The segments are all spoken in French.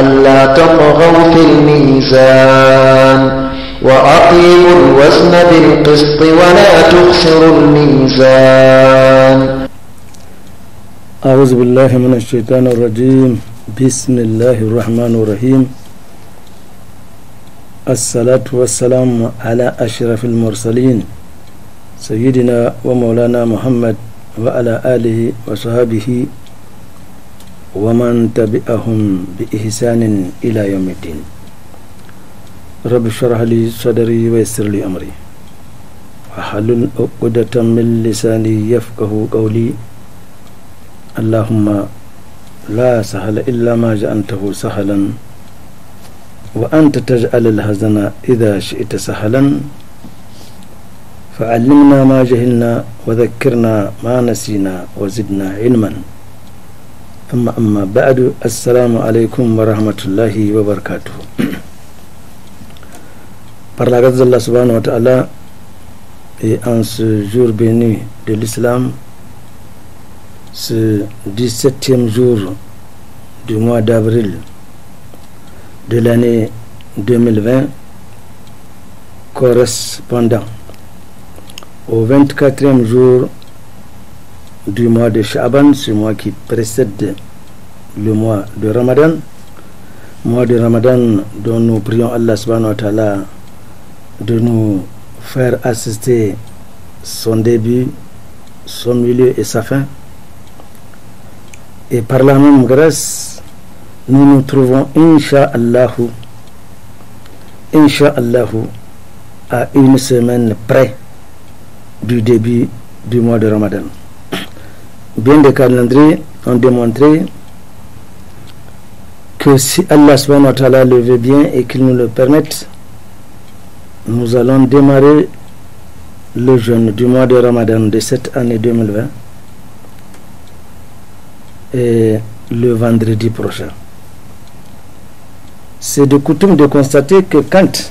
ألا تطغوا في الميزان وأقيموا الوزن بالقسط ولا تخسروا الميزان أعوذ بالله من الشيطان الرجيم بسم الله الرحمن الرحيم الصلاة والسلام على أشرف المرسلين سيدنا ومولانا محمد وعلى آله وصحبه ومن تبعهم بإحسان إلى يوم الدين رب اشرح لي صدري ويسر لي أمري وحلل عقدة من لساني يفقه قولي اللهم لا سهل إلا ما جعلته سهلا وأنت تجعل الهزن إذا شئت سهلا فعلمنا ما جهلنا وذكرنا ما نسينا وزدنا علما amma amma ba'adu assalamu alaikum wa rahmatullahi wa barakatuh. par la grâce subhanahu wa ta'ala et en ce jour béni de l'islam ce 17e jour du mois d'avril de l'année 2020 correspondant au 24e jour du mois de Shaban, ce mois qui précède le mois de Ramadan. Mois de Ramadan dont nous prions Allah subhanahu wa ta'ala de nous faire assister son début, son milieu et sa fin. Et par la même grâce, nous nous trouvons, Inch'Allah, Inch'Allah, à une semaine près du début du mois de Ramadan bien des calendriers ont démontré que si Allah subhanahu le veut bien et qu'il nous le permette, nous allons démarrer le jeûne du mois de Ramadan de cette année 2020 et le vendredi prochain. C'est de coutume de constater que quand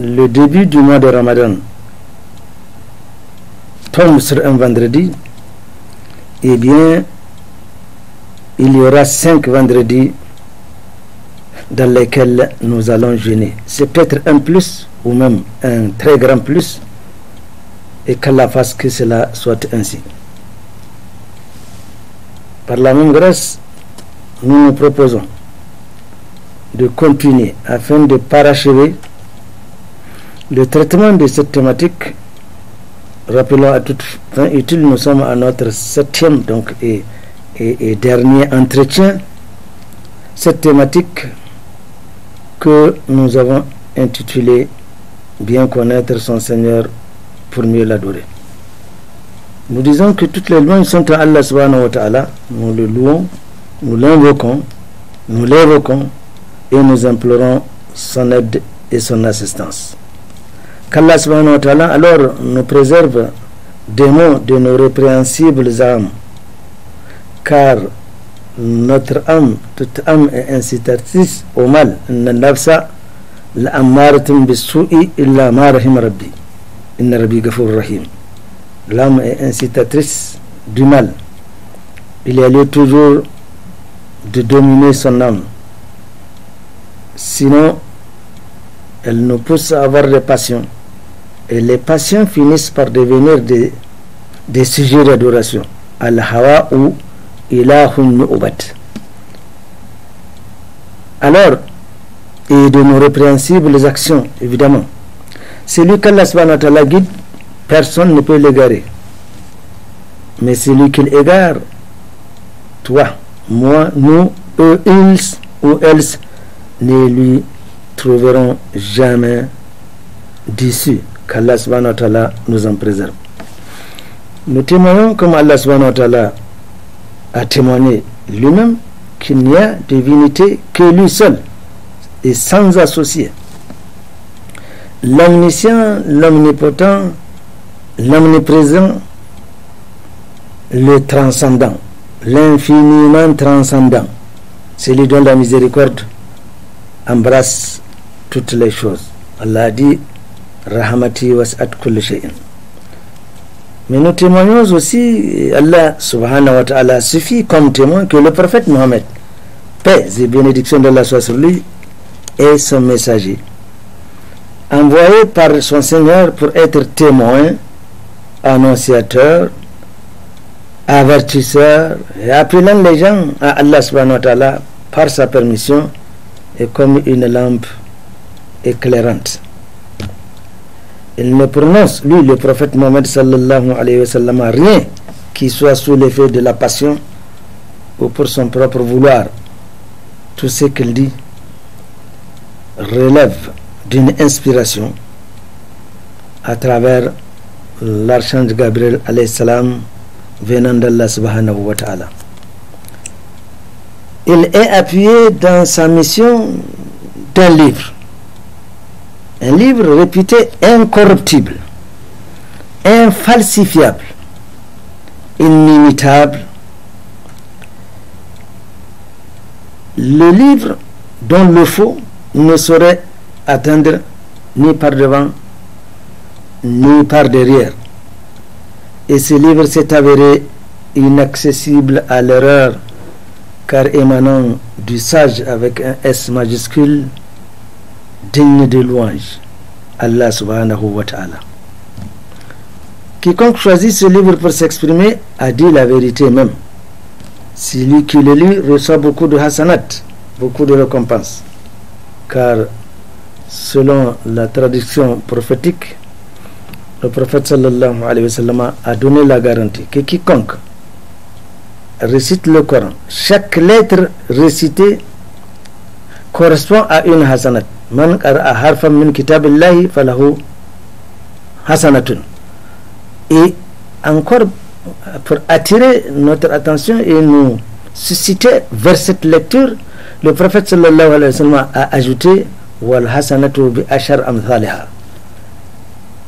le début du mois de Ramadan sur un vendredi, eh bien, il y aura cinq vendredis dans lesquels nous allons gêner C'est peut-être un plus ou même un très grand plus et la fasse que cela soit ainsi. Par la même grâce, nous nous proposons de continuer afin de parachever le traitement de cette thématique rappelons à toute fin utile, nous sommes à notre septième donc, et, dernier entretien. Cette thématique que nous avons intitulée Bien connaître son Seigneur pour mieux l'adorer. Nous disons que toutes les louanges sont à Allah subhanahu wa Nous le louons, nous l'invoquons, nous l'évoquons et nous implorons son aide et son assistance qu'Allah subhanahu wa ta'ala alors nous préserve des mots de nos répréhensibles âmes car notre âme toute âme est incitatrice au mal l'âme est incitatrice du mal il a lieu toujours de dominer son âme sinon elle nous pousse à avoir des passions et les patients finissent par devenir des, sujets d'adoration. al ou Alors, et de nos répréhensibles actions, évidemment. Celui qu'Allah subhanahu guide, personne ne peut l'égarer. Mais celui qu'il égare, toi, moi, nous, eux, ils ou elles, ne lui trouveront jamais d'issue qu'Allah subhanahu wa nous en préserve. Nous témoignons comme Allah subhanahu a témoigné lui-même qu'il n'y a divinité que lui seul et sans associé. L'omniscient, l'omnipotent, l'omniprésent, le transcendant, l'infiniment transcendant, celui dont la miséricorde embrasse toutes les choses. Allah dit rahmati mais nous témoignons aussi Allah subhanahu wa ta'ala suffit comme témoin que le prophète Mohammed paix et bénédiction d'Allah soit sur lui et son messager envoyé par son Seigneur pour être témoin annonciateur avertisseur et appelant les gens à Allah subhanahu wa ta'ala par sa permission et comme une lampe éclairante il ne prononce, lui, le prophète Mohammed alayhi wa sallam, rien qui soit sous l'effet de la passion ou pour son propre vouloir. Tout ce qu'il dit relève d'une inspiration à travers l'archange Gabriel alayhi salam venant d'Allah subhanahu wa ta'ala. Il est appuyé dans sa mission d'un livre un livre réputé incorruptible, infalsifiable, inimitable. Le livre dont le faux ne saurait atteindre ni par devant ni par derrière. Et ce livre s'est avéré inaccessible à l'erreur, car émanant du sage avec un S majuscule, digne de louange, Allah subhanahu Quiconque choisit ce livre pour s'exprimer a dit la vérité même. Celui qui le lit reçoit beaucoup de hasanat, beaucoup de récompenses. Car selon la tradition prophétique, le prophète sallallahu alayhi wa sallam a donné la garantie que quiconque récite le Coran, chaque lettre récitée correspond à une hasanat et encore pour attirer notre attention et nous susciter vers cette lecture le prophète sallallahu alayhi wa a ajouté bi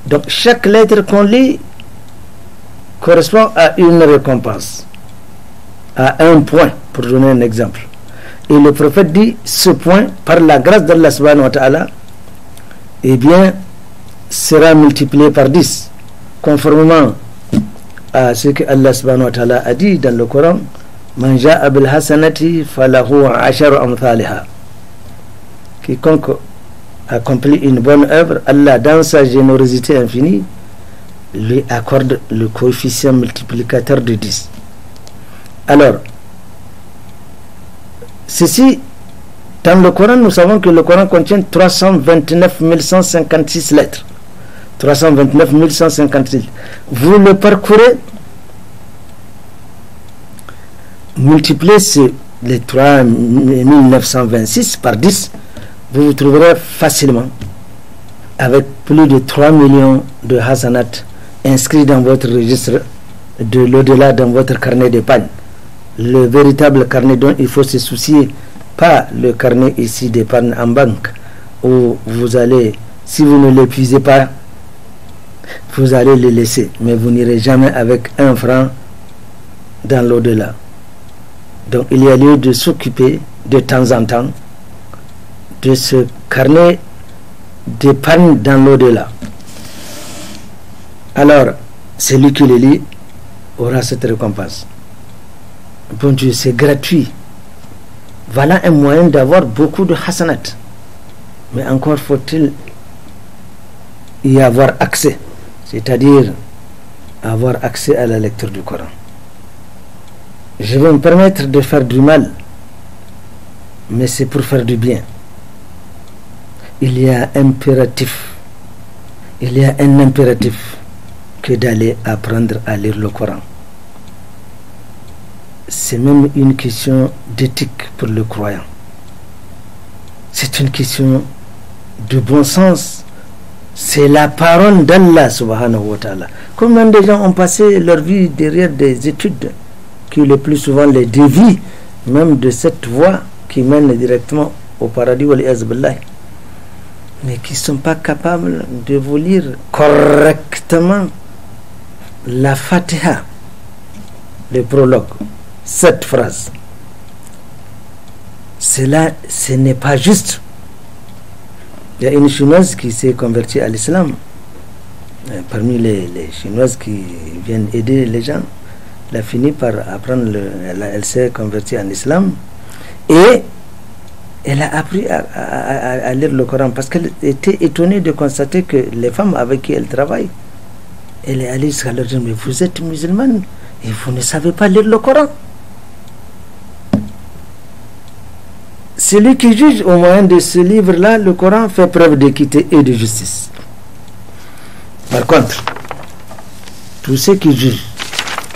donc chaque lettre qu'on lit correspond à une récompense à un point pour donner un exemple et le prophète dit, ce point, par la grâce d'Allah subhanahu wa ta'ala, eh bien, sera multiplié par 10, conformément à ce que Allah subhanahu wa ta'ala a dit dans le Coran, Manja Hasanati Quiconque accomplit une bonne œuvre, Allah, dans sa générosité infinie, lui accorde le coefficient multiplicateur de 10. Alors, Ceci, dans le Coran, nous savons que le Coran contient 329 156 lettres. 329 156. Vous le parcourez, multipliez les 3926 par 10, vous vous trouverez facilement avec plus de 3 millions de hasanat inscrits dans votre registre de l'au-delà dans votre carnet de d'épargne le véritable carnet dont il faut se soucier, pas le carnet ici d'épargne en banque, où vous allez, si vous ne l'épuisez pas, vous allez le laisser, mais vous n'irez jamais avec un franc dans l'au-delà. Donc il y a lieu de s'occuper de temps en temps de ce carnet d'épargne dans l'au-delà. Alors, celui qui le lit aura cette récompense bon Dieu, c'est gratuit. Voilà un moyen d'avoir beaucoup de hasanat. Mais encore faut-il y avoir accès, c'est-à-dire avoir accès à la lecture du Coran. Je vais me permettre de faire du mal, mais c'est pour faire du bien. Il y a impératif, il y a un impératif que d'aller apprendre à lire le Coran c'est même une question d'éthique pour le croyant. C'est une question de bon sens. C'est la parole d'Allah subhanahu wa ta'ala. Combien de gens ont passé leur vie derrière des études qui le plus souvent les dévient même de cette voie qui mène directement au paradis ou mais qui ne sont pas capables de vous lire correctement la Fatiha, le prologue cette phrase. Cela, ce n'est pas juste. Il y a une Chinoise qui s'est convertie à l'islam. Euh, parmi les, Chinoises qui viennent aider les gens, elle a fini par apprendre, elle, s'est convertie en islam et elle a appris à, à lire le Coran parce qu'elle était étonnée de constater que les femmes avec qui elle travaille, elle est allée jusqu'à leur dire, mais vous êtes musulmane et vous ne savez pas lire le Coran. celui qui juge au moyen de ce livre-là, le Coran fait preuve d'équité et de justice. Par contre, tous ceux qui jugent,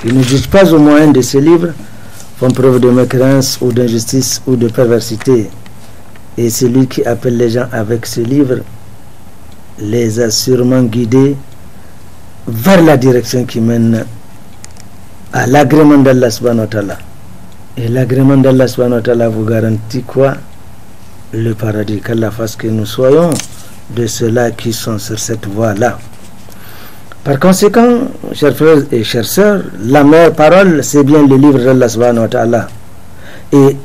qui ne jugent pas au moyen de ce livre, font preuve de mécréance ou d'injustice ou de perversité. Et celui qui appelle les gens avec ce livre les a sûrement guidés vers la direction qui mène à l'agrément d'Allah subhanahu wa ta'ala. Et l'agrément d'Allah vous garantit quoi Le paradis. Qu'Allah fasse que nous soyons de ceux-là qui sont sur cette voie-là. Par conséquent, chers frères et chers sœurs, la meilleure parole, c'est bien le livre d'Allah wa ta'ala. Et,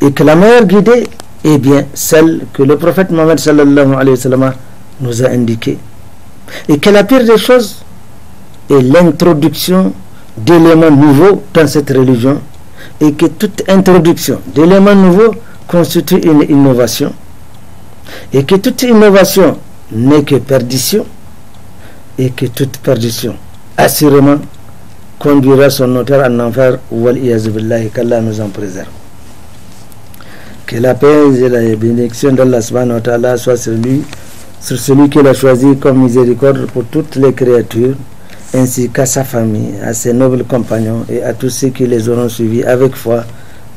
et que la meilleure guidée est bien celle que le prophète Mohammed nous a indiquée. Et que la pire des choses est l'introduction d'éléments nouveaux dans cette religion et que toute introduction d'éléments nouveaux constitue une innovation et que toute innovation n'est que perdition et que toute perdition assurément conduira son auteur en enfer qu'Allah nous en préserve que la paix et la bénédiction d'Allah subhanahu wa soit sur lui sur celui qu'il a choisi comme miséricorde pour toutes les créatures ainsi qu'à sa famille, à ses nobles compagnons et à tous ceux qui les auront suivis avec foi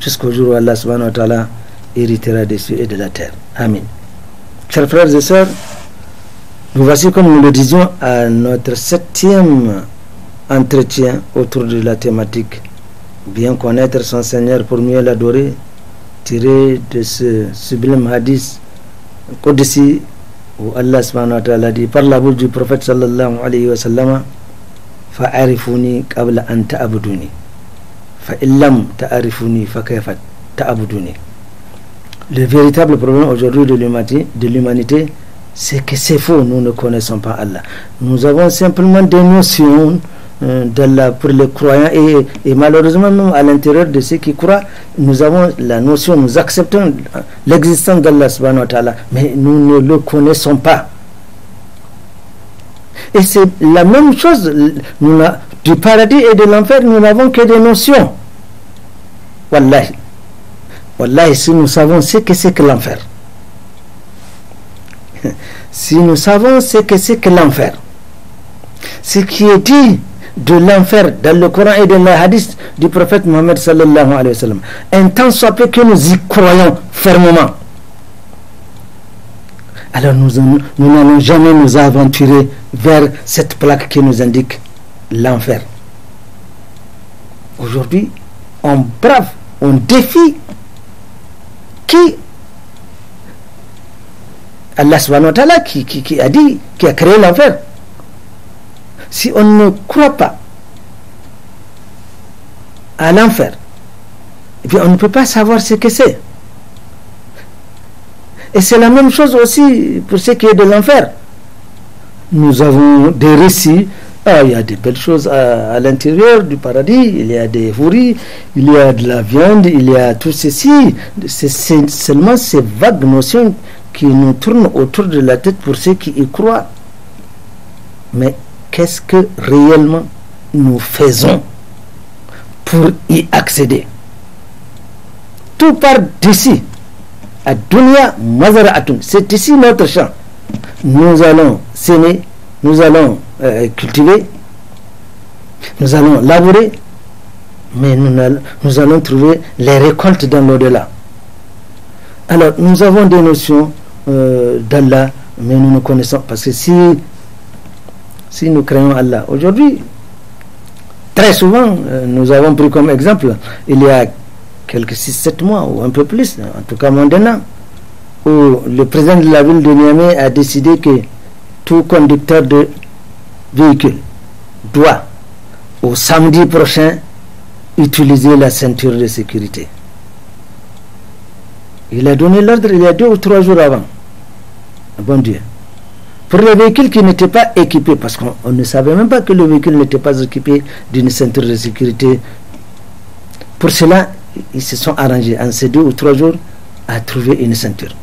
jusqu'au jour où Allah subhanahu wa ta'ala héritera des cieux et de la terre. Amen. Chers frères et sœurs, nous voici comme nous le disions à notre septième entretien autour de la thématique Bien connaître son Seigneur pour mieux l'adorer, tiré de ce sublime hadith qu'au-dessus où Allah subhanahu wa ta'ala dit par la bouche du prophète sallallahu alayhi wa sallam le véritable problème aujourd'hui de l'humanité c'est que c'est faux nous ne connaissons pas Allah nous avons simplement des notions euh, d'Allah pour les croyants et, malheureusement même à l'intérieur de ceux qui croient nous avons la notion nous acceptons euh, l'existence d'Allah subhanahu mais nous ne le connaissons pas et c'est la même chose. du paradis et de l'enfer, nous n'avons que des notions. Wallahi. Wallahi, si nous savons ce que c'est que l'enfer. si nous savons ce que c'est que l'enfer. Ce qui est dit de l'enfer dans le Coran et dans les hadiths du prophète Mohammed sallallahu alayhi wa sallam. Un temps soit peu que nous y croyons fermement alors nous n'allons jamais nous aventurer vers cette plaque qui nous indique l'enfer. Aujourd'hui, on brave, on défie qui Allah subhanahu wa ta'ala qui, a dit, qui a créé l'enfer. Si on ne croit pas à l'enfer, eh on ne peut pas savoir ce que c'est. Et c'est la même chose aussi pour ce qui est de l'enfer. Nous avons des récits. Ah, il y a des belles choses à, l'intérieur du paradis. Il y a des fourris, il y a de la viande, il y a tout ceci. C'est seulement ces vagues notions qui nous tournent autour de la tête pour ceux qui y croient. Mais qu'est-ce que réellement nous faisons pour y accéder Tout part d'ici. C'est ici notre champ. Nous allons s'aimer, nous allons euh, cultiver, nous allons labourer, mais nous, allons trouver les récoltes dans l'au-delà. Alors, nous avons des notions euh, d'Allah, mais nous ne connaissons parce que si, si nous créons Allah aujourd'hui, très souvent, euh, nous avons pris comme exemple, il y a quelques 6-7 mois ou un peu plus, en tout cas maintenant où le président de la ville de Niamey a décidé que tout conducteur de véhicule doit, au samedi prochain, utiliser la ceinture de sécurité. Il a donné l'ordre il y a deux ou trois jours avant. Ah bon Dieu. Pour les véhicules qui n'étaient pas équipés, parce qu'on ne savait même pas que le véhicule n'était pas équipé d'une ceinture de sécurité, pour cela, ils se sont arrangés en ces deux ou trois jours à trouver une ceinture.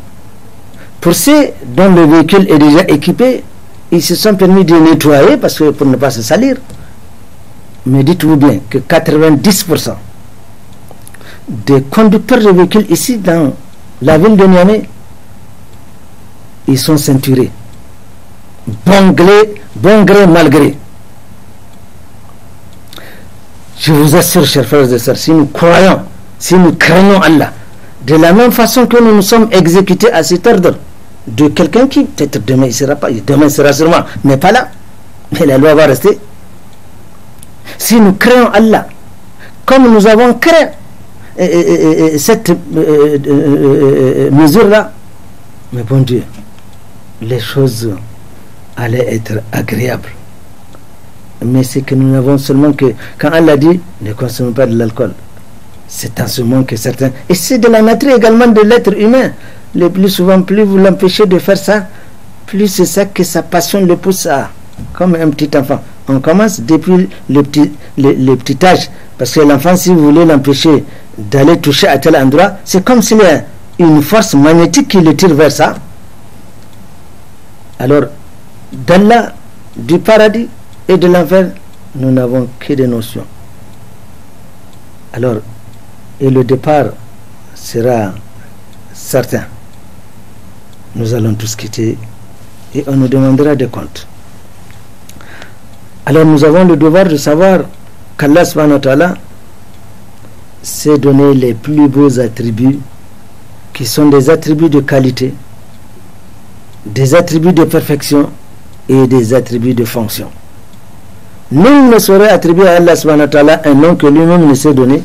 Pour ceux dont le véhicule est déjà équipé, ils se sont permis de nettoyer parce que pour ne pas se salir. Mais dites-vous bien que 90% des conducteurs de véhicules ici dans la ville de Niamey, ils sont ceinturés. Bon gré, bon gré, malgré. Je vous assure, chers frères et sœurs, si nous croyons si nous craignons Allah, de la même façon que nous nous sommes exécutés à cet ordre de quelqu'un qui, peut-être demain il sera pas, demain il sera sûrement, Mais pas là, mais la loi va rester. Si nous craignons Allah, comme nous avons créé cette euh, euh, euh, mesure-là, mais bon Dieu, les choses allaient être agréables. Mais c'est que nous n'avons seulement que, quand Allah dit, ne consommez pas de l'alcool, c'est en ce moment que certains... Et c'est de la nature également de l'être humain. Le plus souvent, plus vous l'empêchez de faire ça, plus c'est ça que sa passion le pousse à... Comme un petit enfant. On commence depuis le petit, le, petit âge. Parce que l'enfant, si vous voulez l'empêcher d'aller toucher à tel endroit, c'est comme s'il y a une force magnétique qui le tire vers ça. Alors, d'Allah, du paradis et de l'enfer, nous n'avons que des notions. Alors, et le départ sera certain. Nous allons tous quitter et on nous demandera des comptes. Alors nous avons le devoir de savoir qu'Allah subhanahu s'est donné les plus beaux attributs qui sont des attributs de qualité, des attributs de perfection et des attributs de fonction. Nul ne saurait attribuer à Allah subhanahu un nom que lui-même ne s'est donné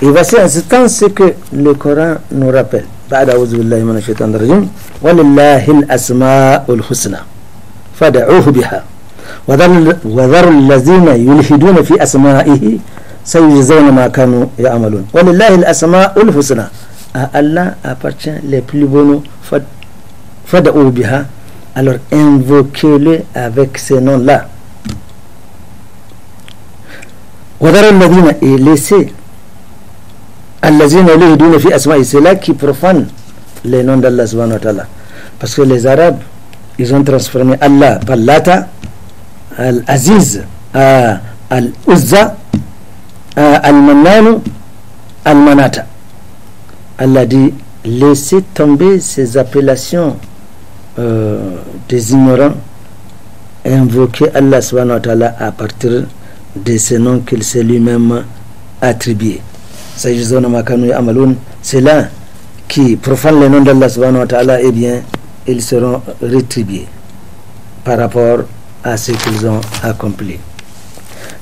Et voici en ce temps ce que le Coran nous rappelle. بعد أعوذ بالله من الشيطان الرجيم ولله الأسماء الحسنى فدعوه بها وذر الذين يلحدون في أسمائه سيجزون ما كانوا يعملون ولله الأسماء الحسنى à Allah appartient les plus beaux noms fada'ou biha alors invoquez-le avec ces noms-là وذروا الذين et laissez Allazina fi c'est là qui profane les noms d'Allah subhanahu wa ta'ala. Parce que les Arabes, ils ont transformé Allah par Lata, Al-Aziz, Al-Uzza, Al-Mannanu, Al-Manata. Allah dit laissez tomber ces appellations euh, des ignorants et invoquez Allah subhanahu wa ta'ala à partir de ces noms qu'il s'est lui-même attribué sayajzawna ma kanu ya'malun ceux-là qui profanent le nom d'Allah subhanahu wa ta'ala eh bien ils seront rétribués par rapport à ce qu'ils ont accompli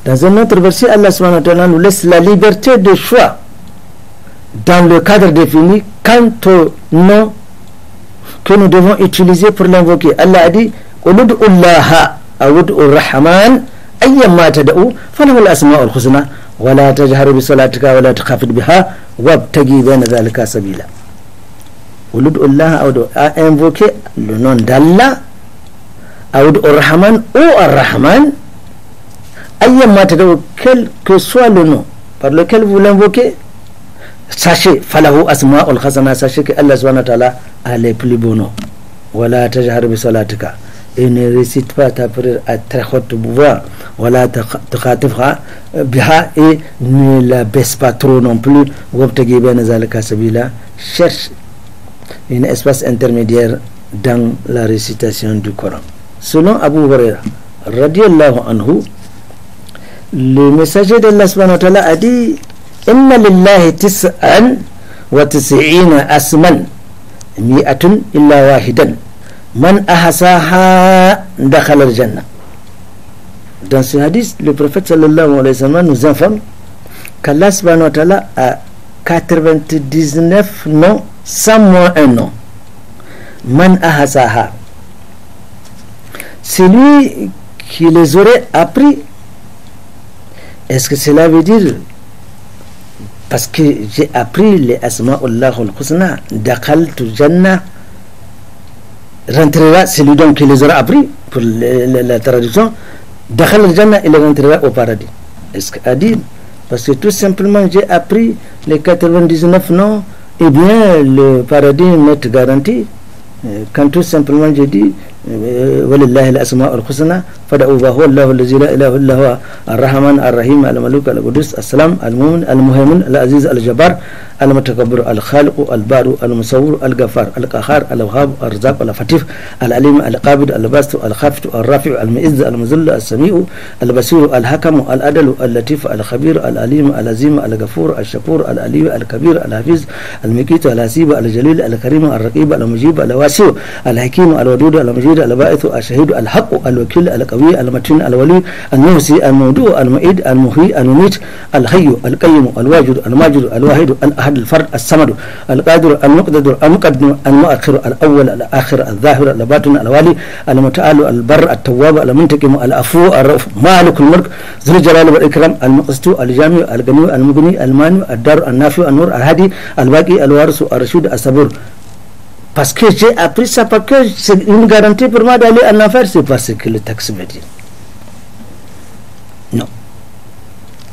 dans un autre verset Allah subhanahu wa ta'ala nous laisse la liberté de choix dans le cadre défini quant au nom que nous devons utiliser pour l'invoquer Allah a dit ulud Allah, awud rahman ayyamma tad'u falahu al-asma'ul husna wala tajhar bi salatika wala takhafid biha wabtagi bayna dhalika sabila ulud Allah awdu invoquer le nom d'Allah awdu Ar-Rahman rahman falahu asma'ul hasana sachez que Allah subhanahu wa ta'ala a les et ne récite pas ta prière à très haute voix, voilà, tu euh, et ne la baisse pas trop non plus. Cherche un espace intermédiaire dans la récitation du Coran. Selon Abu Huraira, radiallahu anhu, le messager d'Allah subhanahu wa ta'ala a dit Inna lillahi tis'an wa tis'ina asman mi'atun illa wahidan. Man ahasaha jannah Dans ce hadith, le prophète sallallahu alayhi wa sallam nous informe qu'Allah subhanahu wa ta'ala a 99 noms, sans moins un nom. Man ahasaha. C'est lui qui les aurait appris. Est-ce que cela veut dire parce que j'ai appris les asma'ullah al-husna, dakhaltu jannah rentrera, c'est lui donc qui les aura appris, pour la traduction, d'Akhal al-Jannah, il rentrera au paradis. Est-ce qu'à dire Parce que tout simplement, j'ai appris les 99 noms, et eh bien le paradis m'est garanti. Euh, quand tout simplement j'ai dit, euh, Wallahi al-Asma al-Khusana, Fada Ubaho, la al zila allah al rahman al rahim al maluk al qudus as salam al mumin al muhaymin al aziz al jabbar المتكبر الخالق البار المصور الغفار القهار الوهاب الرزاق الفتيف العليم القابض الباسط الخافت الرافع المعز المذل السميع البصير الحكم العدل اللطيف الخبير العليم العظيم الغفور الشكور العلي الكبير الحفيظ المقيت الحسيب الجليل الكريم الرقيب المجيب الواسع الحكيم الودود المجيد الباعث الشهيد الحق الوكيل القوي المتين الولي النوسي الموضوع المعيد المحيي المميت الحي القيم الواجد الماجد الواحد الأحد الأحد الفرد السمد القادر المقدر المقدم المؤخر الأول الآخر الظاهر الباطن الوالي المتعال البر التواب المنتقم الأفو الرؤوف مالك الملك ذو الجلال والإكرام المقسط الجامع الغني المغني المانع الدار النافع النور الهادي الباقي الوارث الرشيد الصبور parce que j'ai appris ça parce que c'est une garantie pour moi d'aller en affaire, c'est parce que le texte me dit. Non.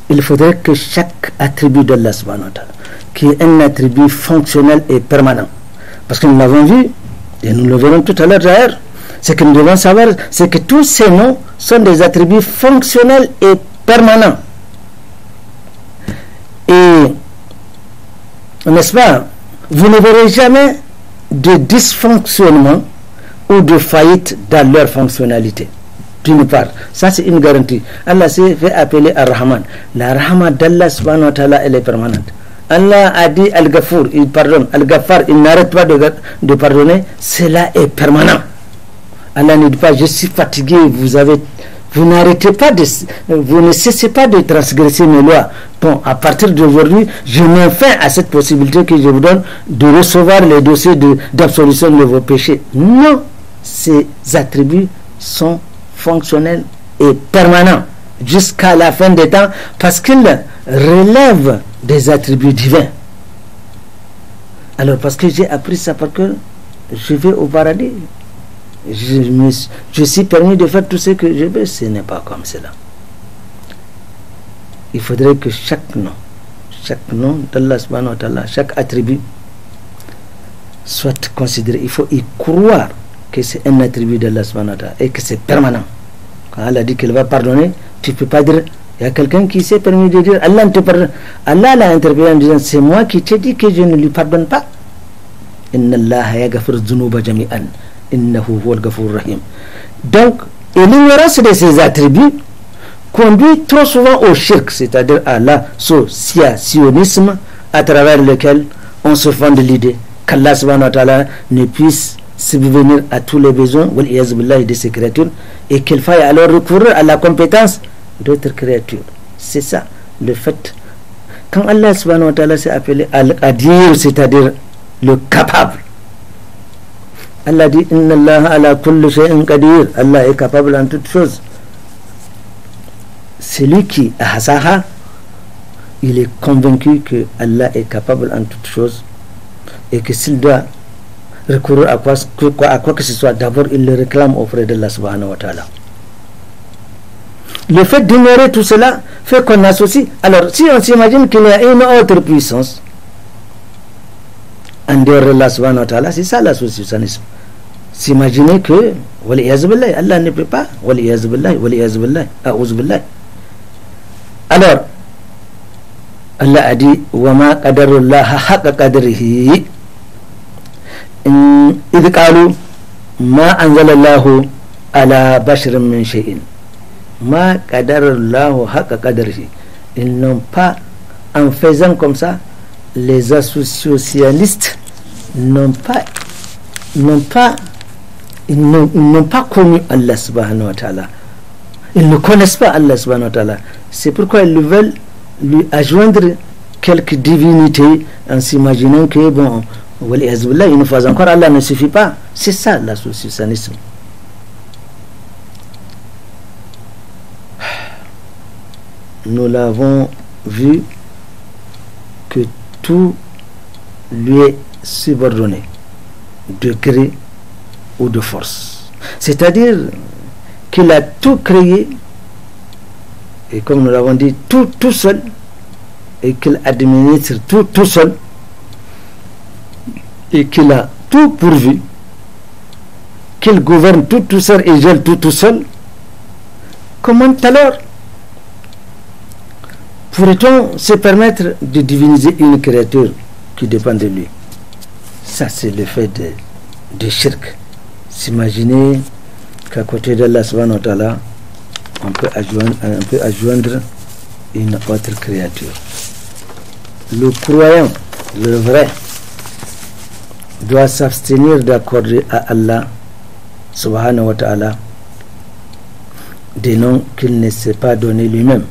Il faudrait que chaque attribut subhanahu wa ta'ala qui est un attribut fonctionnel et permanent. Parce que nous l'avons vu, et nous le verrons tout à l'heure d'ailleurs, ce que nous devons savoir, c'est que tous ces mots sont des attributs fonctionnels et permanents. Et, n'est-ce pas, vous ne verrez jamais de dysfonctionnement ou de faillite dans leur fonctionnalité. D'une part, ça c'est une garantie. Allah s'est fait appeler Ar-Rahman. La Rahman d'Allah subhanahu wa ta'ala, elle est permanente. Allah a dit al gafur il pardonne. Al-Ghaffar, il n'arrête pas de, pardonner. Cela est permanent. Allah ne dit pas Je suis fatigué, vous avez. Vous n'arrêtez pas de. Vous ne cessez pas de transgresser mes lois. Bon, à partir d'aujourd'hui, je mets fin à cette possibilité que je vous donne de recevoir les dossiers d'absolution de, de vos péchés. Non Ces attributs sont fonctionnels et permanents jusqu'à la fin des temps parce qu'ils relèvent des attributs divins. Alors, parce que j'ai appris ça, parce que je vais au paradis. Je me je suis permis de faire tout ce que je veux. Ce n'est pas comme cela. Il faudrait que chaque nom, chaque nom d'Allah, chaque attribut, soit considéré. Il faut y croire que c'est un attribut d'Allah et que c'est permanent. Quand Allah dit qu'il va pardonner, tu ne peux pas dire il y a quelqu'un qui s'est permis de dire Allah te Allah l'a interpellé en disant C'est moi qui t'ai dit que je ne lui pardonne pas. Inna Allah jami'an. Innahu rahim. Donc, l'ignorance de ces attributs conduit trop souvent au shirk, c'est-à-dire à, la l'associationnisme à travers lequel on se fend de l'idée qu'Allah subhanahu wa ta'ala ne puisse subvenir à tous les besoins de ses créatures et qu'il faille alors recourir à la compétence d'autres créatures. C'est ça le fait. Quand Allah subhanahu s'est appelé Al-Qadir, c'est-à-dire le capable, Allah dit Inna Allah shay'in Allah est capable en toutes choses. Celui qui il est convaincu que Allah est capable en toutes choses et que s'il doit recourir à quoi, à quoi que ce soit, d'abord il le réclame auprès de subhanahu wa ta'ala. Le fait d'ignorer tout cela fait qu'on associe. Alors, si on s'imagine qu'il y a une autre puissance, en dehors de c'est ça l'associationnisme. S'imaginer que, Allah ne peut pas, Alors, Allah a dit, وَمَا Allah haqa حَقَّ قَدْرِهِ إِذْ ma anzalallahu ala اللَّهُ min shayin ma haka ils n'ont pas en faisant comme ça les associationnistes n'ont pas n'ont pas ils n'ont pas connu Allah subhanahu wa ta'ala ils ne connaissent pas Allah subhanahu wa ta'ala c'est pourquoi ils veulent lui adjoindre quelques divinités en s'imaginant que bon, nous fois encore, Allah ne suffit pas. C'est ça l'associationnisme. nous l'avons vu que tout lui est subordonné, de degré ou de force. C'est-à-dire qu'il a tout créé, et comme nous l'avons dit, tout tout seul, et qu'il administre tout tout seul, et qu'il a tout pourvu, qu'il gouverne tout tout seul et gèle tout tout seul, comment alors Pourrait-on se permettre de diviniser une créature qui dépend de lui Ça, c'est le de, de shirk. S'imaginer qu'à côté d'Allah euh, subhanahu on peut, adjoindre, une autre créature. Le croyant, le vrai, doit s'abstenir d'accorder à Allah subhanahu wa ta'ala des noms qu'il ne s'est pas donnés lui-même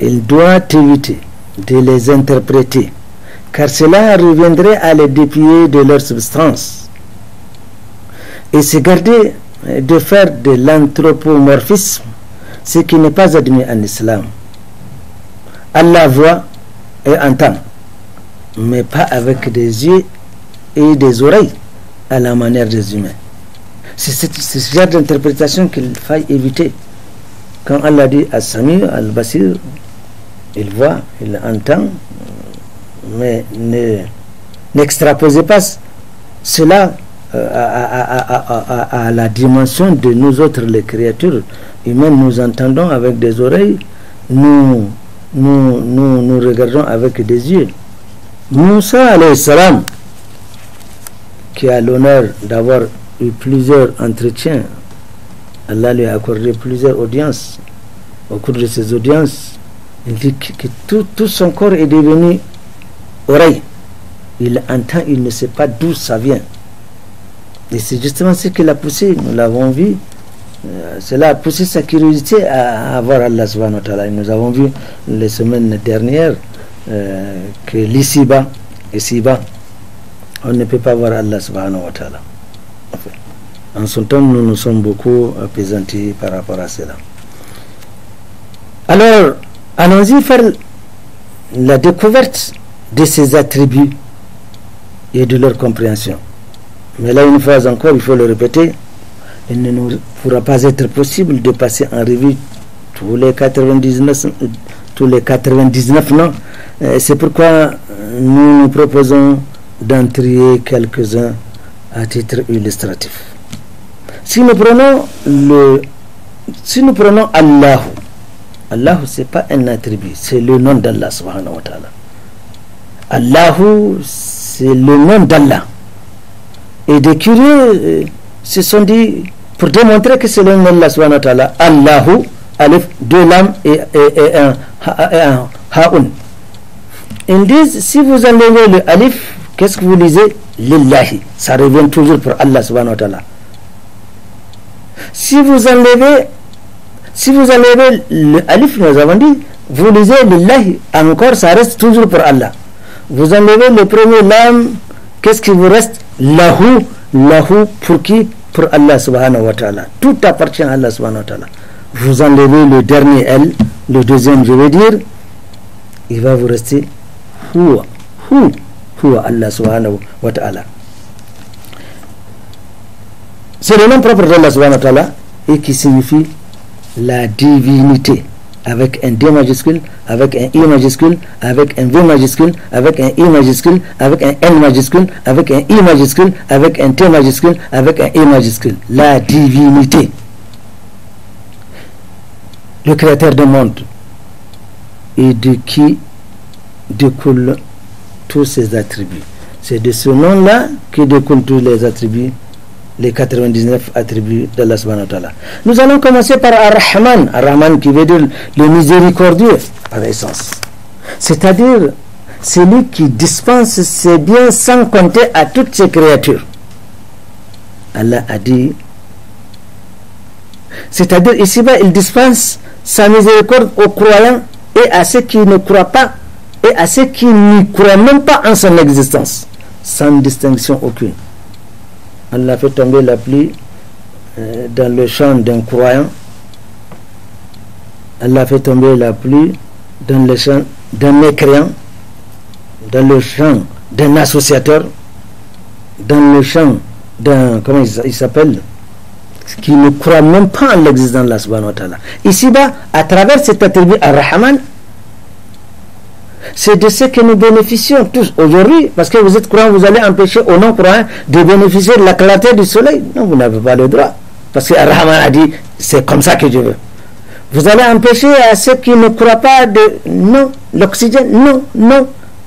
il doit éviter de les interpréter, car cela reviendrait à les dépouiller de leur substance et se garder de faire de l'anthropomorphisme ce qui n'est pas admis en islam. Allah voit et entend, mais pas avec des yeux et des oreilles à la manière des humains. C'est ce genre d'interprétation qu'il faille éviter. Quand Allah dit à Samir, al-Basir, il voit, il entend, mais n'extraposez pas cela euh, à, la dimension de nous autres, les créatures humaines. Nous entendons avec des oreilles, nous, nous, nous, regardons avec des yeux. Moussa, salam, qui a l'honneur d'avoir eu plusieurs entretiens, Allah lui a accordé plusieurs audiences. Au cours de ces audiences, il dit que, tout, son corps est devenu oreille. Il entend, il ne sait pas d'où ça vient. Et c'est justement ce qu'il a poussé, nous l'avons vu. Euh, cela a poussé sa curiosité à, avoir Allah subhanahu wa ta'ala. Nous avons vu les semaines dernières euh, que l'ici-bas, ici on ne peut pas voir Allah subhanahu wa ta'ala. en son temps, nous nous sommes beaucoup apaisantis par rapport à cela. Alors, Allons-y faire la découverte de ces attributs et de leur compréhension. Mais là, une fois encore, il faut le répéter, il ne nous pourra pas être possible de passer en revue tous les 99, tous les 99 noms. Euh, c'est pourquoi nous nous proposons d'en trier quelques-uns à titre illustratif. Si nous prenons le, si nous prenons Allahu, Allahu c'est pas un attribut, c'est le nom d'Allah subhanahu wa ta'ala. Allahu, c'est le nom d'Allah. Et des curieux euh, se sont dit, pour démontrer que c'est le nom d'Allah subhanahu Allahu, alif, deux lames et, un, et un haun. Ils disent, si vous enlevez le alif, qu'est-ce que vous lisez Lillahi. Ça revient toujours pour Allah subhanahu wa ta'ala. Si vous enlevez si vous enlevez le alif, nous avons dit, vous lisez lillahi, encore ça reste toujours pour Allah. Vous enlevez le premier lam, qu'est-ce qui vous reste Lahu, lahu pour qui Pour Allah subhanahu wa ta'ala. Tout appartient à Allah subhanahu wa ta'ala. Vous enlevez le dernier L, le deuxième, je veux dire, il va vous rester Huwa, Hu, Huwa Allah subhanahu wa ta'ala. C'est le nom propre d'Allah subhanahu wa ta'ala et qui signifie la divinité avec un D majuscule, avec un I majuscule, avec un V majuscule, avec un I majuscule, avec un N majuscule, avec un I majuscule, avec un T majuscule, avec un E majuscule. La divinité. Le créateur de monde et de qui découlent tous ses attributs. C'est de ce nom-là que découlent tous les attributs les 99 attributs d'Allah subhanahu wa Nous allons commencer par Ar-Rahman, Ar-Rahman qui veut dire le miséricordieux par essence. C'est-à-dire celui qui dispense ses biens sans compter à toutes ses créatures. Allah a dit, c'est-à-dire ici-bas, il dispense sa miséricorde aux croyants et à ceux qui ne croient pas et à ceux qui n'y croient même pas en son existence, sans distinction aucune. Allah fait tomber la pluie euh, dans le champ d'un croyant. elle a fait tomber la pluie dans le champ d'un mécréant, dans le champ d'un associateur, dans le champ d'un. Comment il s'appelle Qui ne croit même pas en l'existence la subhanahu wa ta'ala. Ici-bas, à travers cet attribut à rahman c'est de ce que nous bénéficions tous aujourd'hui, parce que vous êtes croyants, vous allez empêcher aux non-croyants de bénéficier de la clarté du soleil. Non, vous n'avez pas le droit. Parce que Rahman a dit, c'est comme ça que je veux. Vous allez empêcher à ceux qui ne croient pas de... Non, l'oxygène, non, non.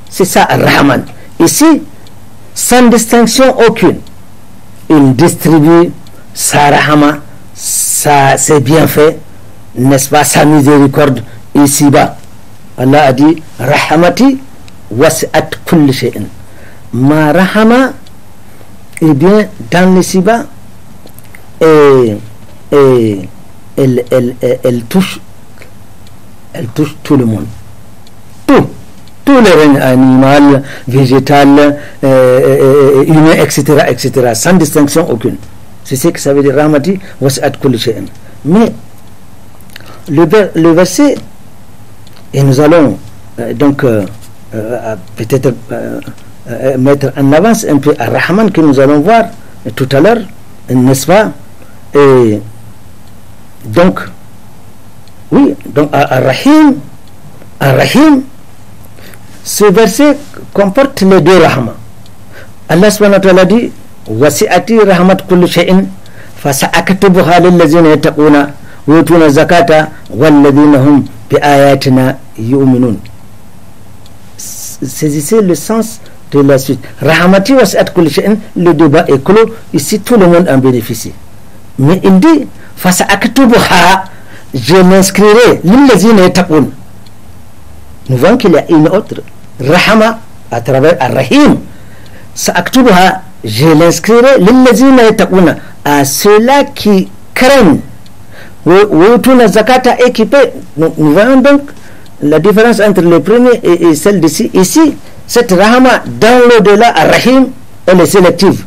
C'est ça, Rahman. Ici, sans distinction aucune, il distribue sa Rahman ses bienfaits, n'est-ce pas, sa miséricorde ici-bas Allah a dit Rahamati was'at kulli shay'in. Ma rahama eh bien dans le Siba elle, elle, touche elle touche tout le monde. Tout. Tout le règne animal, végétal, euh, euh, euh, humain, etc., etc., sans distinction aucune. C'est ce que ça veut dire Rahmati was'at kulli shay'in. Mais le, le verset et nous allons euh, donc euh, euh, peut-être mettre en avance un peu Ar-Rahman que nous allons voir tout à l'heure, n'est-ce pas Et donc, oui, donc Ar-Rahim, Ar-Rahim, ce verset comporte les deux Rahman Allah subhanahu wa ta'ala dit Wasi'ati rahmat kulli shay'in فَسَأَكْتُبُهَا لِلَّذِينَ ladzina yattaquna yutuna zakata wal hum bi ayatina yu'minun saisissez le sens de la suite rahmati wasat kulli shay'in le débat est clos ici tout le monde en bénéficie mais il dit face à sa'aktubuha je m'inscrirai lillazina yattaqun nous voyons qu'il y a une autre Rahma, à travers ar-rahim aktubuha je l'inscrirai lillazina yattaquna à ceux-là qui craignent où Nous, voyons donc la différence entre le premier et, celle d'ici. Ici, cette rahma dans le delà à Rahim, elle est sélective.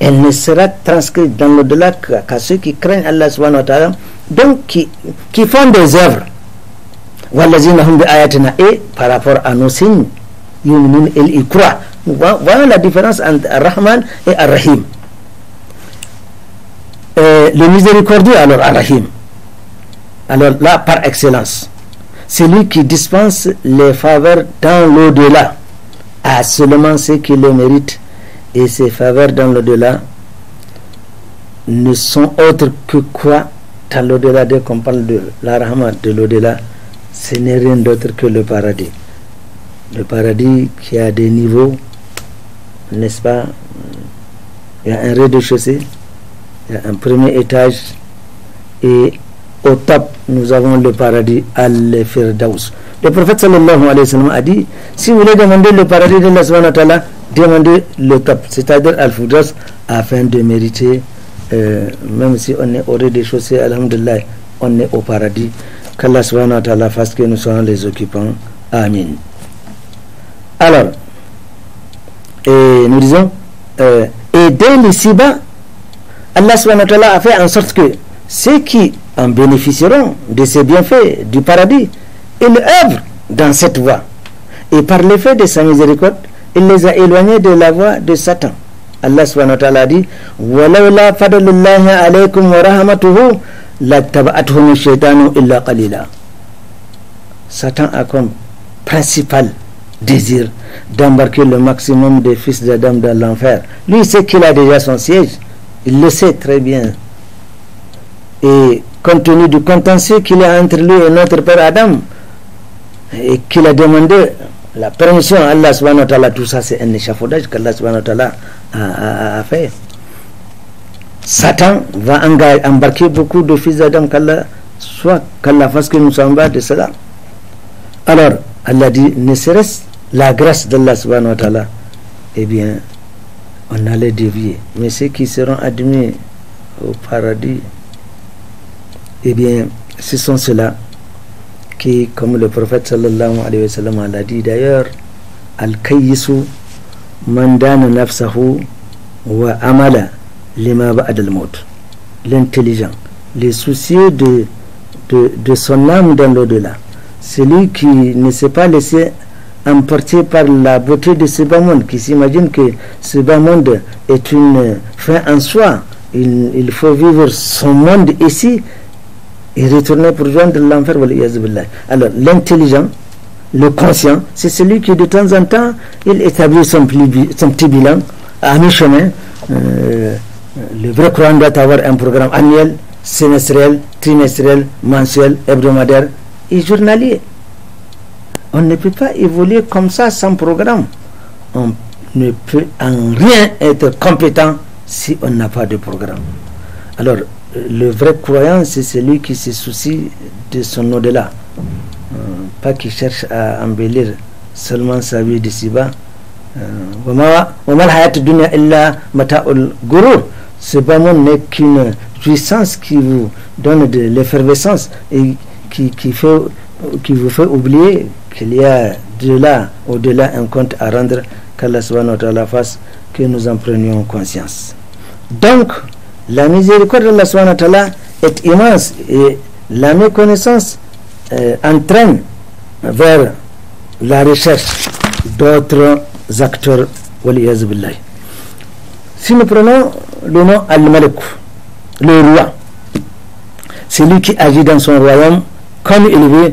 Elle ne sera transcrite dans l'au-delà qu'à ceux qui craignent Allah donc qui, font des œuvres. Hum et par rapport à nos signes, ils y croient. Voilà la différence entre rahman et rahim eh, le miséricordieux, alors Arahim, alors là par excellence, c'est lui qui dispense les faveurs dans l'au-delà à seulement ceux qui le méritent. Et ces faveurs dans l'au-delà ne sont autres que quoi dans l'au-delà, dès qu'on parle de l'arahma de l'au-delà, ce n'est rien d'autre que le paradis. Le paradis qui a des niveaux, n'est-ce pas Il y a un rez-de-chaussée, un premier étage et au top nous avons le paradis Al-Firdaus. Le prophète sallallahu alayhi wa sallam a dit si vous voulez demander le paradis de Allah demandez le top, c'est-à-dire Al-Firdaus afin de mériter euh, même si on est au rez-de-chaussée, alhamdulillah, on est au paradis. Qu'Allah subhanahu wa ta'ala fasse que nous soyons les occupants. Amen Alors, et nous disons, euh, et dès le Siba, Allah a fait en sorte que ceux qui en bénéficieront de ces bienfaits du paradis, ils œuvrent dans cette voie. Et par l'effet de sa miséricorde, il les a éloignés de la voie de Satan. Allah a wa dit alaykum Satan a comme principal désir d'embarquer le maximum des fils d'Adam dans l'enfer. Lui, c'est qu'il a déjà son siège. Il le sait très bien. Et compte tenu du contentieux qu'il y a entre lui et notre père Adam, et qu'il a demandé la permission à Allah subhanahu tout ça c'est un échafaudage qu'Allah subhanahu a, fait. Satan va embarquer beaucoup de fils d'Adam qu'Allah soit qu'Allah fasse que nous sommes bas de cela. Alors, Allah dit, ne serait-ce la grâce d'Allah subhanahu wa eh bien, on allait dévier. Mais ceux qui seront admis au paradis, eh bien, ce sont ceux-là qui, comme le prophète sallallahu alayhi wa sallam l'a dit d'ailleurs, Al-Kayyisu mandana nafsahu wa amala lima ba'd al-maut. L'intelligent, les soucis de, de, de son âme dans l'au-delà. Celui qui ne s'est pas laissé emporté par la beauté de ce bas monde, qui s'imagine que ce bas monde est une fin en soi. Il, faut vivre son monde ici et retourner pour joindre l'enfer. Alors, l'intelligent, le conscient, c'est celui qui de temps en temps, il établit son, son petit bilan à mi-chemin. Euh, le vrai courant doit avoir un programme annuel, semestriel, trimestriel, mensuel, hebdomadaire et journalier. On ne peut pas évoluer comme ça sans programme. On ne peut en rien être compétent si on n'a pas de programme. Alors, le vrai croyant, c'est celui qui se soucie de son au-delà. Euh, pas qui cherche à embellir seulement sa vie d'ici-bas. Euh, ce bâton n'est qu'une puissance qui vous donne de l'effervescence et qui, qui fait qui vous fait oublier qu'il y a de là, au-delà, un compte à rendre, qu'Allah subhanahu la face que nous en prenions conscience. Donc, la miséricorde de subhanahu wa est immense et la méconnaissance euh, entraîne vers la recherche d'autres acteurs. Si nous prenons le nom Al-Malik, le roi, c'est lui qui agit dans son royaume comme il veut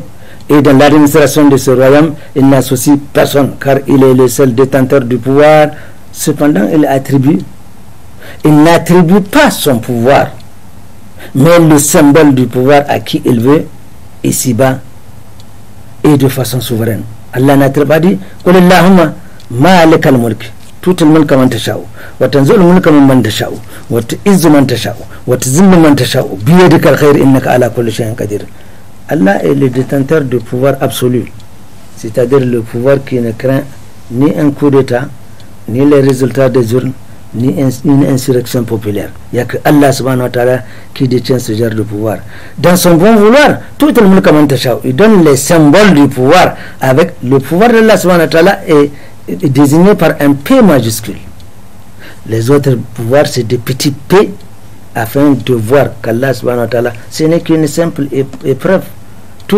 et dans l'administration de ce royaume, il n'associe personne car il est le seul détenteur du pouvoir. Cependant, il attribue, il n'attribue pas son pouvoir, mais le symbole du pouvoir à qui il veut, ici-bas et de façon souveraine. Allah n'a pas dit Malik al-Mulk. Tout le monde comme un tachau. Votre zone comme un mandachau. Votre izumantachau. Votre zimmantachau. Biédical khair inna ka ala kulishan kadir. Allah est le détenteur du pouvoir absolu, c'est-à-dire le pouvoir qui ne craint ni un coup d'État, ni les résultats des urnes, ni une insurrection populaire. Il n'y a que Allah subhanahu wa ta'ala qui détient ce genre de pouvoir. Dans son bon vouloir, tout le monde il donne les symboles du pouvoir avec le pouvoir Allah subhanahu wa ta'ala est, désigné par un P majuscule. Les autres pouvoirs, c'est des petits P afin de voir qu'Allah subhanahu wa ta'ala, ce n'est qu'une simple épreuve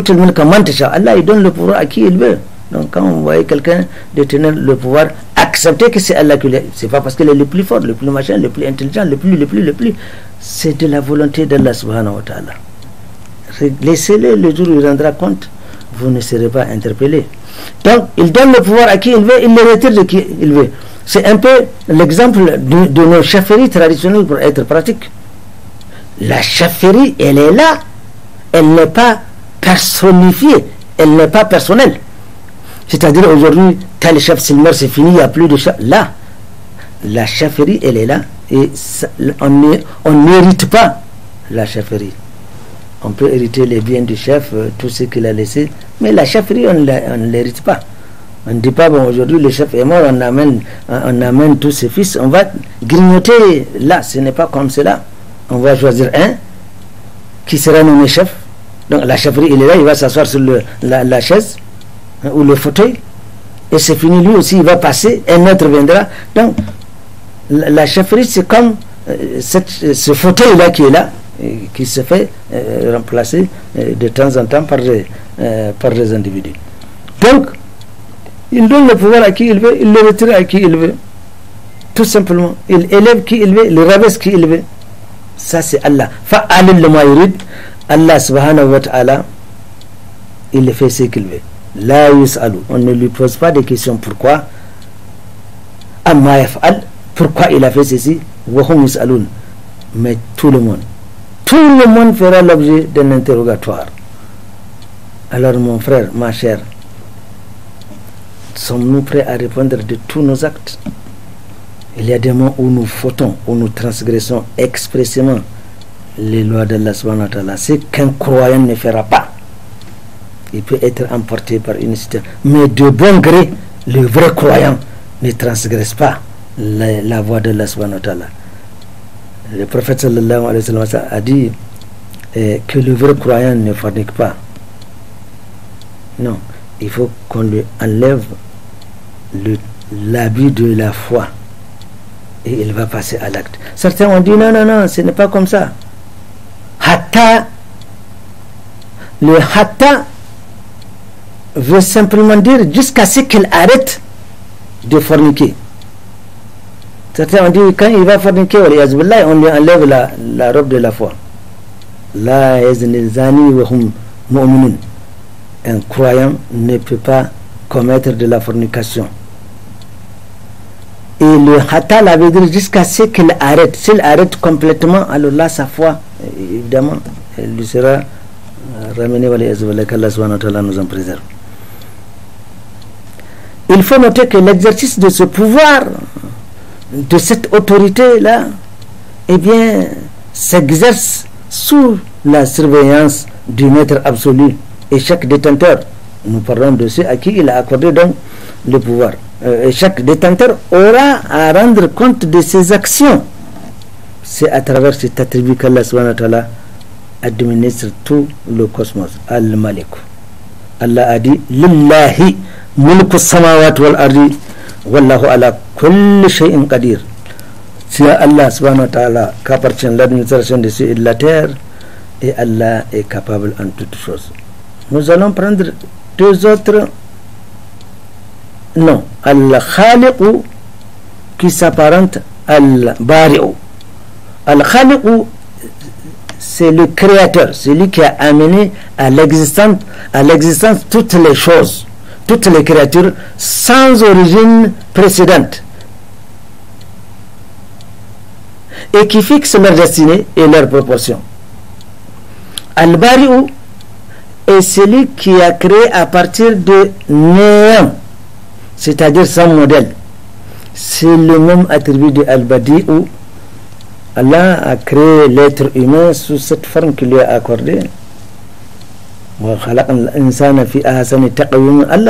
tout le monde comment Allah il donne le pouvoir à qui il veut. Donc quand on voyez quelqu'un détenir le pouvoir, accepter que c'est Allah qui l'a. C'est pas parce qu'il est le plus fort, le plus machin, le plus intelligent, le plus, le plus, le plus. C'est de la volonté d'Allah subhanahu wa ta'ala. Laissez-le le jour où il rendra compte, vous ne serez pas interpellé. Donc il donne le pouvoir à qui il veut, il le retire de qui il veut. C'est un peu l'exemple de, nos chafferies traditionnelles pour être pratique. La chafferie, elle est là. Elle n'est pas personnifiée, elle n'est pas personnelle. C'est-à-dire aujourd'hui, tel chef, c'est c'est fini, il n'y a plus de chef. Là, la chefferie, elle est là, et on n'hérite pas la chefferie. On peut hériter les biens du chef, euh, tout ce qu'il a laissé, mais la chefferie, on ne l'hérite pas. On ne dit pas, bon, aujourd'hui le chef est mort, on amène, on amène tous ses fils, on va grignoter là, ce n'est pas comme cela. On va choisir un qui sera nommé chef, donc la chefferie, il est là, il va s'asseoir sur la, chaise hein, ou le fauteuil. Et c'est fini, lui aussi, il va passer, un autre viendra. Donc la, la c'est comme euh, ce fauteuil-là qui est là, qui se fait euh, remplacer euh, de temps en temps par les par individus. Donc, il donne le pouvoir à qui il veut, il le retire à qui il veut. Tout simplement. Il élève qui il veut, il rabaisse qui il veut. Ça, c'est Allah. Fa'alil le Allah subhanahu wa ta'ala, il fait ce qu'il veut. La On ne lui pose pas de questions. Pourquoi Pourquoi il a fait ceci hum Mais tout le monde, tout le monde fera l'objet d'un interrogatoire. Alors mon frère, ma chère, sommes-nous prêts à répondre de tous nos actes Il y a des moments où nous fautons, où nous transgressons expressément les lois de la c'est C'est qu'un croyant ne fera pas, il peut être emporté par une cité Mais de bon gré, le vrai croyant ne transgresse pas la, la voie de subhanahu Le prophète sallallahu alayhi wa sallam a dit eh, que le vrai croyant ne fornique pas. Non, il faut qu'on lui enlève L'habit de la foi et il va passer à l'acte. Certains ont dit non, non, non, ce n'est pas comme ça. Hatta, le hatta veut simplement dire jusqu'à ce qu'il arrête de forniquer. Certains ont dit quand il va forniquer, on lui enlève la, robe de la foi. La hum Un croyant ne peut pas commettre de la fornication. Et le hatta la veut dire jusqu'à ce qu'il arrête. S'il arrête complètement, alors là, sa foi évidemment, elle lui sera euh, ramenée vers les qu'Allah nous en préserve. Il faut noter que l'exercice de ce pouvoir, de cette autorité-là, eh bien, s'exerce sous la surveillance du maître absolu. Et chaque détenteur, nous parlons de ceux à qui il a accordé donc le pouvoir, euh, et chaque détenteur aura à rendre compte de ses actions c'est à travers cet attribut qu'Allah administre tout le cosmos. Al-Malik. Allah a dit Lillahi mulku samawat wal ardi wallahu ala kulli shay'in qadir. C'est à Allah subhanahu wa ta'ala qu'appartient l'administration de cieux et de la terre et Allah est capable en toutes choses. Nous allons prendre deux autres Non, Al-Khaliq qui s'apparente al-Bari'u. Al-Khaliq, c'est le créateur, celui qui a amené à l'existence, à l'existence toutes les choses, toutes les créatures sans origine précédente. Et qui fixe leur destinée et leur proportion. Al-Bari'u est celui qui a créé à partir de néant, c'est-à-dire sans modèle. C'est le même attribut de al ou Allah a créé l'être humain sous cette forme qu'il lui a accordée. Allah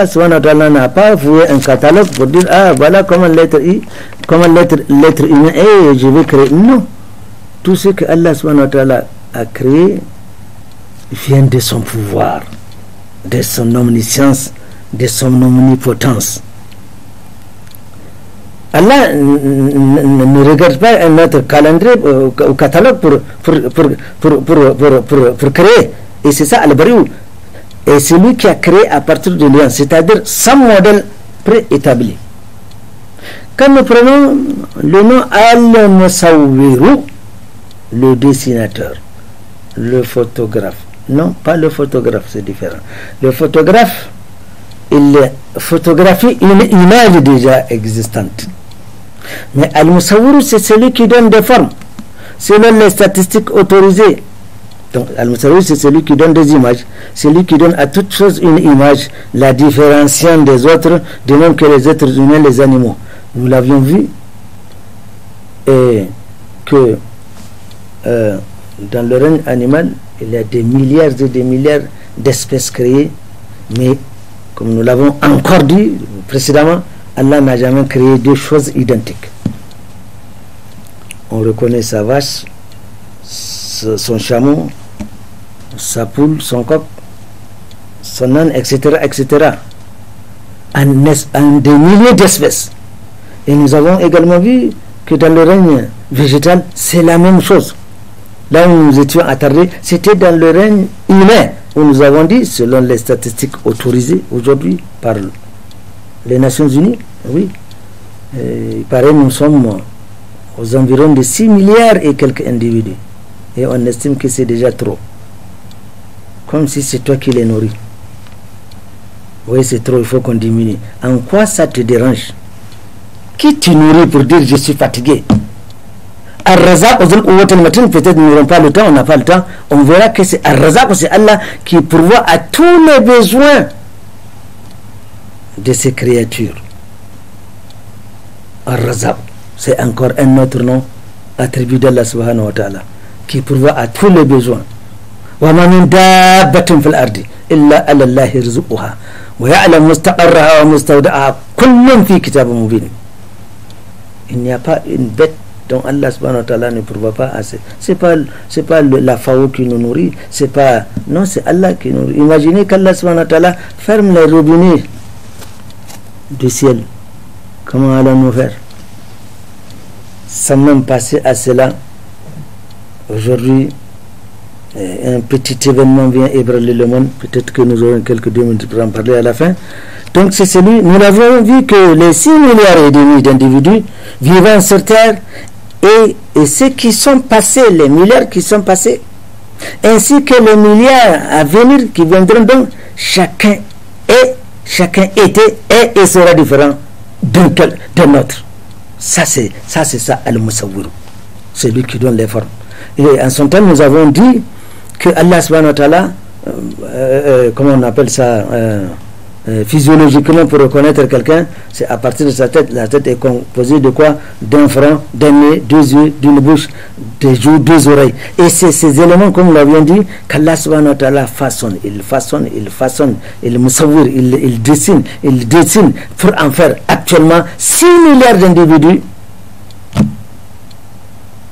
subhanahu wa n'a pas voué un catalogue pour dire Ah, voilà comment l'être, humain est, je vais créer. Non. Tout ce que Allah subhanahu wa a créé vient de son pouvoir, de son omniscience, de son omnipotence. Allah ne regarde pas notre calendrier ou catalogue pour, pour, pour, pour créer. Et c'est ça, Al-Bariou. Et c'est lui qui a créé à partir de lui, c'est-à-dire sans modèle préétabli. Quand nous prenons le nom al masawirou le dessinateur, le photographe. Non, pas le photographe, c'est différent. Le photographe, il photographie une image déjà existante. Mais Al-Musawwir, c'est celui qui donne des formes, selon les statistiques autorisées. Donc, Al-Musawwir, c'est celui qui donne des images, celui qui donne à toute chose une image, la différenciant des autres, de même que les êtres humains, les animaux. Nous l'avions vu, et que euh, dans le règne animal, il y a des milliards et des milliards d'espèces créées, mais comme nous l'avons encore dit précédemment, Allah n'a jamais créé deux choses identiques. On reconnaît sa vache, son chameau, sa poule, son coq, son âne, etc. etc. Un des milliers d'espèces. Et nous avons également vu que dans le règne végétal, c'est la même chose. Là où nous étions attardés, c'était dans le règne humain, où nous avons dit, selon les statistiques autorisées aujourd'hui par les Nations Unies, oui. il paraît nous sommes aux environs de 6 milliards et quelques individus. Et on estime que c'est déjà trop. Comme si c'est toi qui les nourris. Oui, c'est trop, il faut qu'on diminue. En quoi ça te dérange Qui te nourrit pour dire je suis fatigué matin, peut-être nous n'aurons pas le temps, on n'a pas le temps. On verra que c'est c'est Allah qui pourvoit à tous les besoins de ces créatures. Ar-Razab, c'est encore un autre nom attribué d'Allah subhanahu wa ta'ala qui pourvoit à tous les besoins. وما من دابة في الأرض إلا yarzuquha wa رزقها ويعلم wa ومستودعها kullun fi كتاب mubin. Il n'y a pas une bête dont Allah subhanahu wa ta'ala ne pourvoit pas assez. C'est pas, c'est pas la FAO qui nous nourrit, c'est pas, non, c'est Allah qui nous nourrit. Imaginez qu'Allah subhanahu wa ta'ala ferme les robinets du ciel. Comment allons-nous faire Sans même passer à cela, aujourd'hui, eh, un petit événement vient ébranler le monde. Peut-être que nous aurons quelques deux minutes pour en parler à la fin. Donc c'est celui, nous l'avons vu que les 6 milliards et demi d'individus vivant sur Terre et, et, ceux qui sont passés, les milliards qui sont passés, ainsi que les milliards à venir qui viendront, donc chacun Chacun était, et sera différent d'un autre. Ça, c'est ça, ça Al-Musawwir. C'est lui qui donne les formes. Et en son temps, nous avons dit que Allah subhanahu wa ta'ala, euh, euh, euh, comment on appelle ça euh, physiologiquement pour reconnaître quelqu'un, c'est à partir de sa tête. La tête est composée de quoi D'un front, d'un nez, deux yeux, d'une bouche, des joues, deux oreilles. Et c'est ces éléments, comme nous l'avions dit, qu'Allah subhanahu wa ta'ala façonne. Il façonne, il façonne, il moussavir, il, il dessine, il dessine pour en faire actuellement 6 milliards d'individus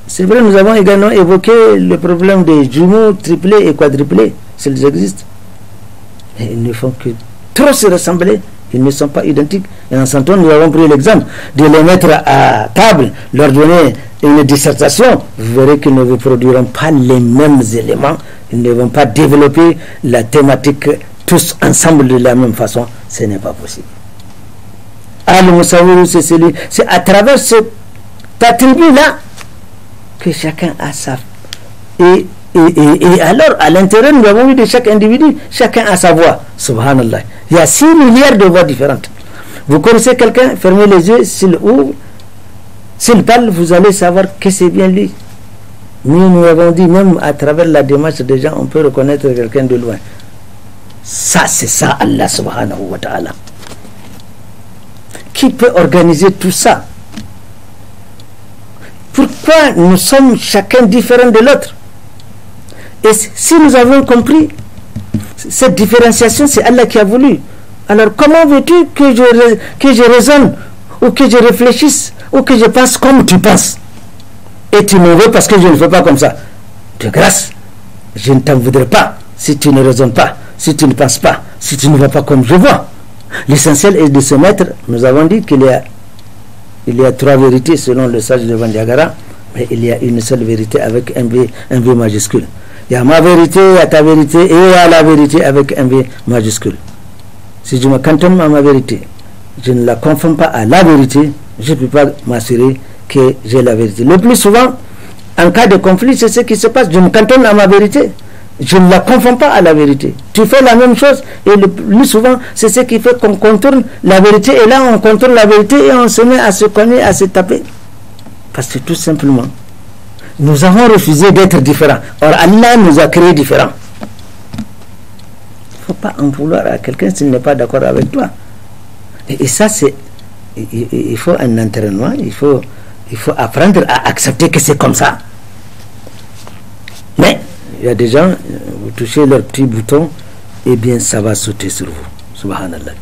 c'est vrai, nous avons également évoqué le problème des jumeaux triplés et quadruplés, s'ils existent. Mais ils ne font que trop se ressembler, ils ne sont pas identiques. Et en Santon, nous avons pris l'exemple de les mettre à table, leur donner une dissertation. Vous verrez qu'ils ne vous produiront pas les mêmes éléments. Ils ne vont pas développer la thématique tous ensemble de la même façon. Ce n'est pas possible. Ah, c'est à travers ce attribut-là que chacun a sa. Et, et alors, à l'intérieur, nous avons vu de chaque individu, chacun a sa voix. Subhanallah. Il y a 6 milliards de voix différentes. Vous connaissez quelqu'un, fermez les yeux, s'il ouvre, s'il parle, vous allez savoir que c'est bien lui. Nous, nous avons dit, même à travers la démarche des gens, on peut reconnaître quelqu'un de loin. Ça, c'est ça, Allah subhanahu wa ta'ala. Qui peut organiser tout ça Pourquoi nous sommes chacun différent de l'autre Et si nous avons compris cette différenciation, c'est Allah qui a voulu. Alors comment veux-tu que je, que je raisonne ou que je réfléchisse ou que je pense comme tu penses Et tu me veux parce que je ne veux pas comme ça. De grâce, je ne t'en voudrais pas si tu ne raisonnes pas, si tu ne penses pas, si tu ne vois pas comme je vois. L'essentiel est de se mettre, nous avons dit qu'il y a, il y a trois vérités selon le sage de Vandiagara, mais il y a une seule vérité avec un V majuscule ma vérité, il y ta vérité et il la vérité avec un V majuscule. Si je me cantonne à ma vérité, je ne la confonds pas à la vérité, je ne peux pas m'assurer que j'ai la vérité. Le plus souvent, en cas de conflit, c'est ce qui se passe. Je me cantonne à ma vérité. Je ne la confonds pas à la vérité. Tu fais la même chose et le plus souvent, c'est ce qui fait qu'on contourne la vérité. Et là, on contourne la vérité et on se met à se connaître, à se taper. Parce que tout simplement, nous avons refusé d'être différents. Or, Allah nous a créés différents. Il ne faut pas en vouloir à quelqu'un s'il n'est pas d'accord avec toi. Et, ça, c'est. Il, faut un entraînement, il faut, il faut apprendre à accepter que c'est comme ça. Mais, il y a des gens, euh, vous touchez leur petit bouton, et eh bien, ça va sauter sur vous. Subhanallah.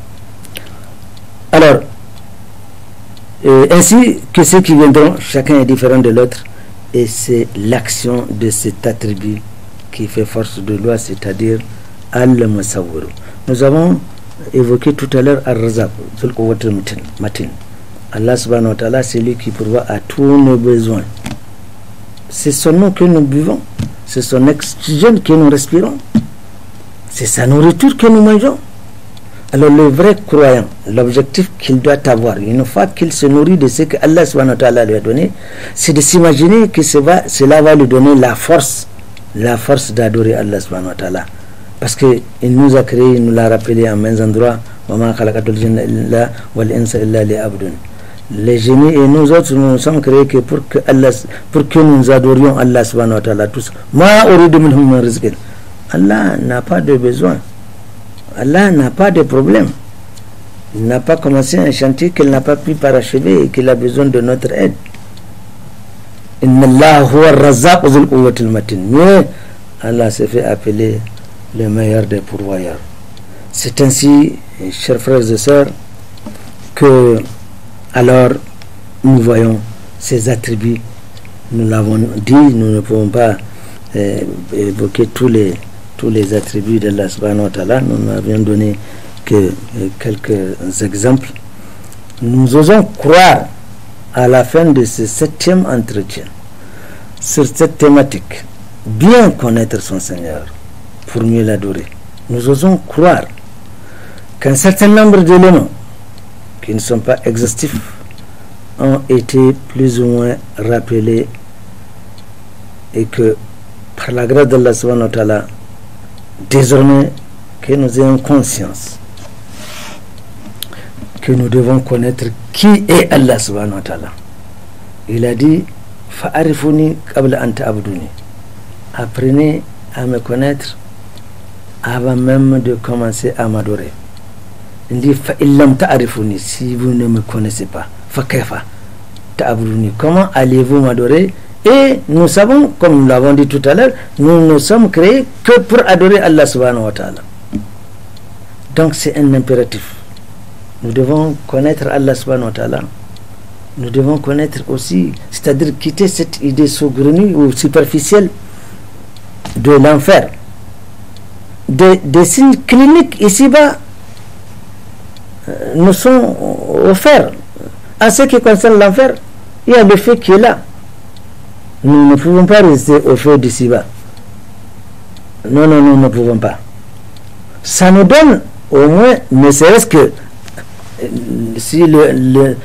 Alors, euh, ainsi que ceux qui viendront, chacun est différent de l'autre. Et c'est l'action de cet attribut qui fait force de loi, c'est-à-dire Al-Musawwir. Nous avons évoqué tout à l'heure ar Razab, Allah subhanahu wa ta'ala, c'est lui qui pourvoit à tous nos besoins. C'est son nom que nous buvons, c'est son oxygène que nous respirons, c'est sa nourriture que nous mangeons. Alors le vrai croyant, l'objectif qu'il doit avoir, une fois qu'il se nourrit de ce que Allah subhanahu wa ta'ala lui a donné, c'est de s'imaginer que va, cela va lui donner la force, la force d'adorer Allah subhanahu wa ta'ala. Parce qu'il nous a créé, il nous l'a rappelé en mains endroits, les génies et nous autres, nous nous sommes créés que pour que, pour que nous adorions Allah subhanahu wa ta'ala tous. Allah n'a pas de besoin. Allah n'a pas de problème. Il n'a pas commencé un chantier qu'il n'a pas pu parachever et qu'il a besoin de notre aide. Mais Allah s'est fait appeler le meilleur des pourvoyeurs. C'est ainsi, chers frères et sœurs, que alors nous voyons ces attributs. Nous l'avons dit, nous ne pouvons pas euh, évoquer tous les tous les attributs de subhanahu wa Nous n'avions donné que euh, quelques exemples. Nous osons croire à la fin de ce septième entretien sur cette thématique, bien connaître son Seigneur pour mieux l'adorer. Nous osons croire qu'un certain nombre d'éléments qui ne sont pas exhaustifs ont été plus ou moins rappelés et que par la grâce de subhanahu wa ta'ala désormais que nous ayons conscience que nous devons connaître qui est Allah subhanahu wa ta'ala. Il a dit anta Apprenez à me connaître avant même de commencer à m'adorer. Il dit ta'arifuni. Si vous ne me connaissez pas, Comment allez-vous m'adorer et nous savons, comme nous l'avons dit tout à l'heure, nous ne sommes créés que pour adorer Allah subhanahu wa ta'ala. Donc c'est un impératif. Nous devons connaître Allah subhanahu wa ta'ala. Nous devons connaître aussi, c'est-à-dire quitter cette idée saugrenue ou superficielle de l'enfer. Des, des, signes cliniques ici-bas euh, nous sont offerts. En ce qui concerne l'enfer, il y a le fait qui est là nous ne pouvons pas rester au feu d'ici-bas. Non, non, nous ne pouvons pas. Ça nous donne au moins, ne serait-ce que euh, si le,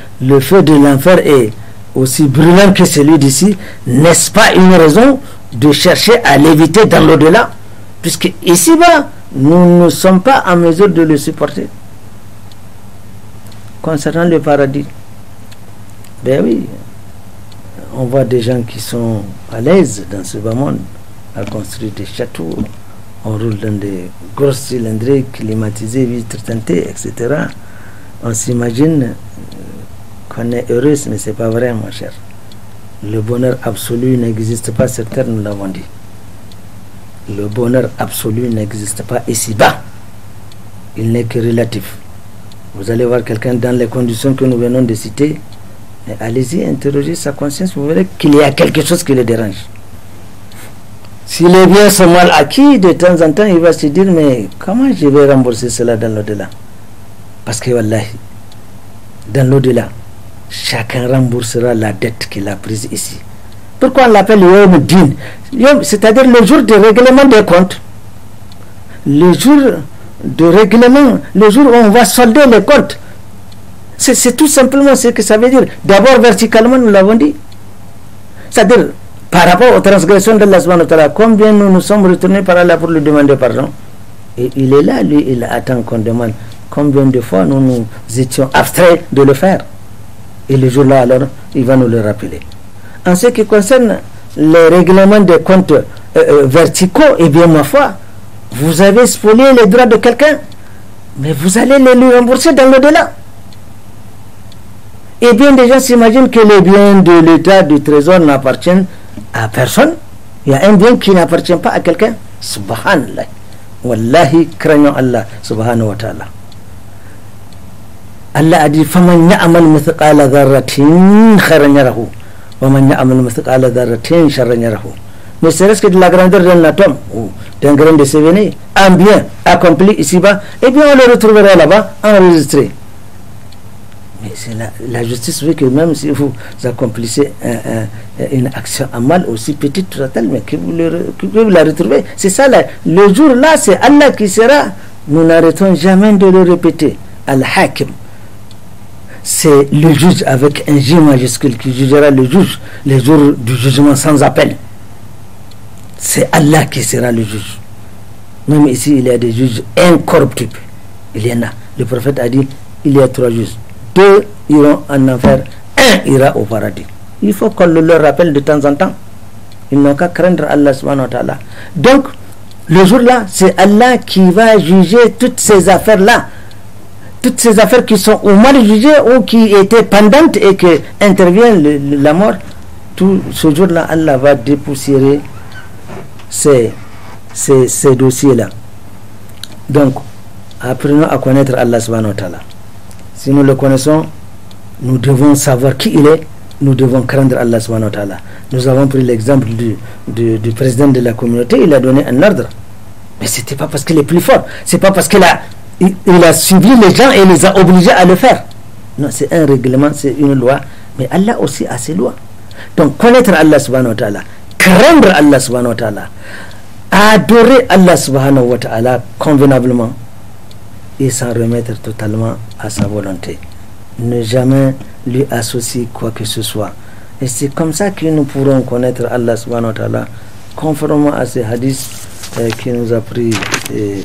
feu de l'enfer est aussi brûlant que celui d'ici, n'est-ce pas une raison de chercher à l'éviter dans l'au-delà Puisque ici-bas, nous ne sommes pas en mesure de le supporter. Concernant le paradis, ben oui, on voit des gens qui sont à l'aise dans ce bas monde, à construire des châteaux, on roule dans des grosses cylindrées climatisées, vitres teintées, etc. On s'imagine euh, qu'on est heureux, mais ce n'est pas vrai, mon cher. Le bonheur absolu n'existe pas sur Terre, nous l'avons dit. Le bonheur absolu n'existe pas ici-bas. Il n'est que relatif. Vous allez voir quelqu'un dans les conditions que nous venons de citer, allez-y, interrogez sa conscience, vous verrez qu'il y a quelque chose qui le dérange. S'il les bien sont mal acquis, de temps en temps, il va se dire, mais comment je vais rembourser cela dans l'au-delà Parce que, voilà dans l'au-delà, chacun remboursera la dette qu'il a prise ici. Pourquoi on l'appelle Yom Din C'est-à-dire le jour du règlement des comptes. Le jour de règlement, le jour où on va solder les comptes. C'est tout simplement ce que ça veut dire. D'abord, verticalement, nous l'avons dit. C'est-à-dire, par rapport aux transgressions de la l'Asmanotala, combien nous nous sommes retournés par là pour lui demander pardon Et il est là, lui, il attend qu'on demande. Combien de fois nous nous étions abstraits de le faire Et le jour-là, alors, il va nous le rappeler. En ce qui concerne les règlements des comptes euh, euh, verticaux, eh bien, ma foi, vous avez spolié les droits de quelqu'un, mais vous allez les lui rembourser dans le delà et bien des gens s'imaginent que les biens de l'État du Trésor n'appartiennent à personne. Il y a un bien qui n'appartient pas à quelqu'un. Subhanallah. Wallahi, craignons Allah, subhanahu wa ta'ala. Allah a dit Faman ya'amal mithqala dharratin khairan yarahu. ya'amal mithqala dharratin sharran yarahu. Ne serait-ce que de la grandeur d'un atome ou d'un grain de sévéné, un bien accompli ici-bas, et eh bien on le retrouvera là-bas enregistré la, justice veut que même si vous accomplissez une action à mal, aussi petite mais que vous, la retrouvez. C'est ça, là. le jour-là, c'est Allah qui sera. Nous n'arrêtons jamais de le répéter. Al-Hakim. C'est le juge avec un J majuscule qui jugera le juge le jour du jugement sans appel. C'est Allah qui sera le juge. Même ici, il y a des juges incorruptibles. Il y en a. Le prophète a dit il y a trois juges deux iront en enfer, un ira au paradis. Il faut qu'on le leur rappelle de temps en temps. Ils n'ont qu'à craindre Allah subhanahu wa ta'ala. Donc, le jour-là, c'est Allah qui va juger toutes ces affaires-là. Toutes ces affaires qui sont ou mal jugées ou qui étaient pendantes et que intervient la mort. Tout ce jour-là, Allah va dépoussiérer ces, ces, ces dossiers-là. Donc, apprenons à connaître Allah subhanahu wa ta'ala. Si nous le connaissons, nous devons savoir qui il est, nous devons craindre Allah subhanahu Nous avons pris l'exemple du, président de la communauté, il a donné un ordre. Mais ce n'était pas parce qu'il est plus fort, c'est pas parce qu'il a, il, les gens et les a obligés à le faire. Non, c'est un règlement, c'est une loi. Mais Allah aussi a ses lois. Donc connaître Allah subhanahu craindre Allah subhanahu adorer Allah subhanahu convenablement, et s'en remettre totalement à sa volonté. Ne jamais lui associer quoi que ce soit. Et c'est comme ça que nous pourrons connaître Allah subhanahu wa ta'ala, conformément à ces hadith euh, qui nous a pris euh, euh,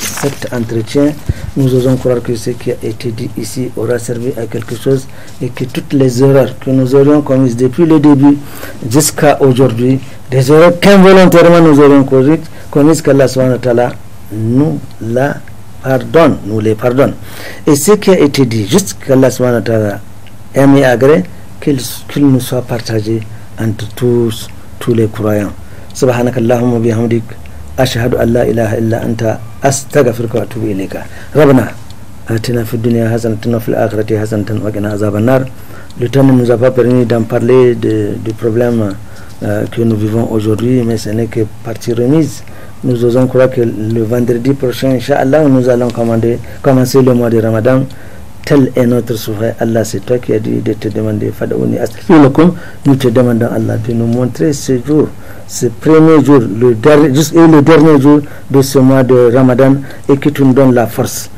cet entretien. Nous osons croire que ce qui a été dit ici aura servi à quelque chose et que toutes les erreurs que nous aurions commises depuis le début jusqu'à aujourd'hui, des erreurs qu'involontairement nous aurions commises, qu'Allah subhanahu wa ta'ala nous l'a pardonne, nous les pardonne. Et ce qui a été dit, juste qu'Allah subhanahu wa ta'ala aime et agré, qu'il nous soit partagé entre tous, tous les croyants. سبحانك اللهم وبحمدك أشهد أن لا illa anta أنت أستغفرك وأتوب إليك ربنا آتنا في الدنيا حسنة وفي الآخرة حسنة وقنا عذاب النار Le temps ne nous a pas permis d'en parler de, du problème euh, que nous vivons aujourd'hui, mais ce n'est que partie remise nous osons croire que le vendredi prochain, Inch'Allah, nous allons commencer le mois de Ramadan. Tel est notre souhait. Allah, c'est toi qui as dit de te demander, Fadaouni nous te demandons, Allah, de nous montrer ce jour, ce premier jour, le dernier, le dernier jour de ce mois de Ramadan et que tu nous donnes la force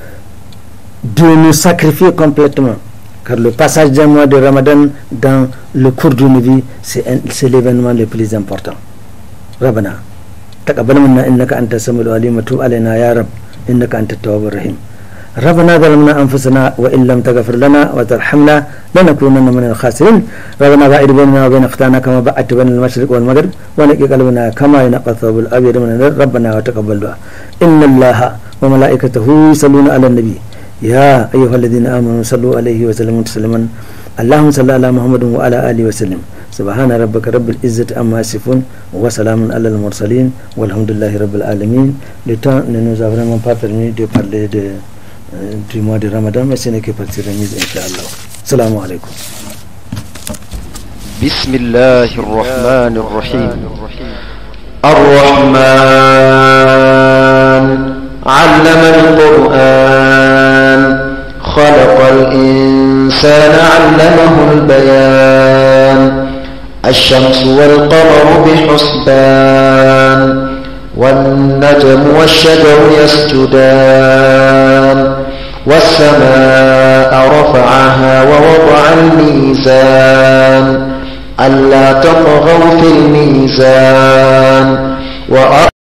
de nous sacrifier complètement. Car le passage d'un mois de Ramadan dans le cours d'une vie, c'est l'événement le plus important. Rabbanah. تقبل منا إنك أنت السميع العليم وتب علينا يا رب إنك أنت التواب الرحيم ربنا ظلمنا أنفسنا وإن لم تغفر لنا وترحمنا لنكونن من الخاسرين ربنا بعد بيننا وبين أخطانا كما بعدت بين المشرق والمغرب ونقي قلبنا كما ينقى الثوب الأبيض من النار ربنا وتقبل دعاء إن الله وملائكته يصلون على النبي يا أيها الذين آمنوا صلوا عليه وسلموا تسليما اللهم صل على محمد وعلى آله وسلم سبحان ربك رب العزة أما يصفون وسلام على المرسلين والحمد لله رب العالمين Le temps ne nous a vraiment pas permis de parler de, euh, du mois de Ramadan, mais ce n'est que partie remise, بسم الله الرحمن الرحيم الرحمن علم القرآن خلق الإنسان علمه البيان الشمس والقمر بحسبان والنجم والشجر يسجدان والسماء رفعها ووضع الميزان ألا تطغوا في الميزان وأ